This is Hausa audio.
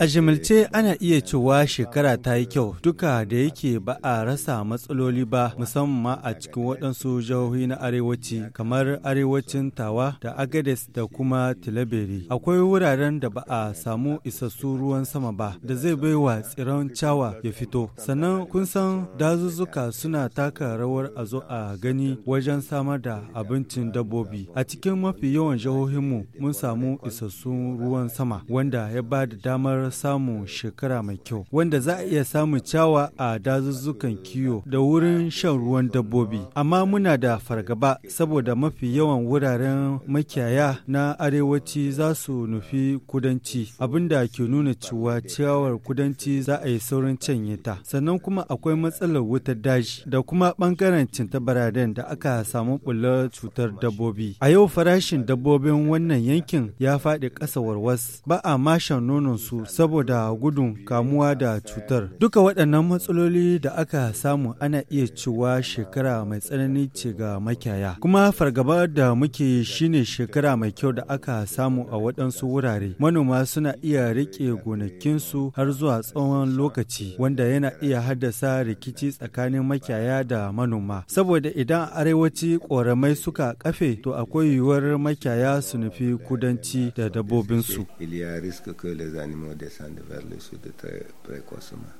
A jimilce ana iya cewa shekara ta yi kyau duka da yake ba a rasa matsaloli ba musamman a cikin waɗansu jihohi na arewaci kamar arewacin tawa da agades da kuma tilaberi. Akwai wuraren da ba a samu isassu ruwan sama ba da zai baiwa tsiron cawa ya fito. Sannan kun san dazuzzuka suna taka rawar a zo a gani wajen samar da abincin dabbobi. A cikin mafi yawan jihohinmu mun samu isassun ruwan sama wanda ya ba da damar samun shekara mai kyau wanda za a iya samun ciyawa a dazuzzukan kiyo da wurin shan ruwan dabbobi amma muna da fargaba saboda mafi yawan wuraren makiyaya na arewaci za su nufi kudanci abinda ke nuna cewa ciyawar kudanci za a yi saurin canye ta sannan kuma akwai matsalar wutar daji da kuma bangaren cinta baraden da aka samu bullar cutar dabbobi a yau farashin dabbobin wannan yankin ya faɗi ƙasa warwas ba a mashan nononsu saboda gudun kamuwa da cutar. Duka waɗannan matsaloli da aka samu ana iya cewa shekara mai tsanani ce ga makiyaya. Kuma fargaba da muke shine shekara mai kyau da aka samu a waɗansu wurare. Manoma suna iya riƙe gonakinsu har zuwa tsawon lokaci wanda yana iya haddasa rikici tsakanin makiyaya da manoma. Saboda idan arewaci ƙoramai suka kafe to akwai yiwuwar makiyaya su nufi kudanci da dabbobi. Il y a un risque que les animaux descendent vers le sud très précocement.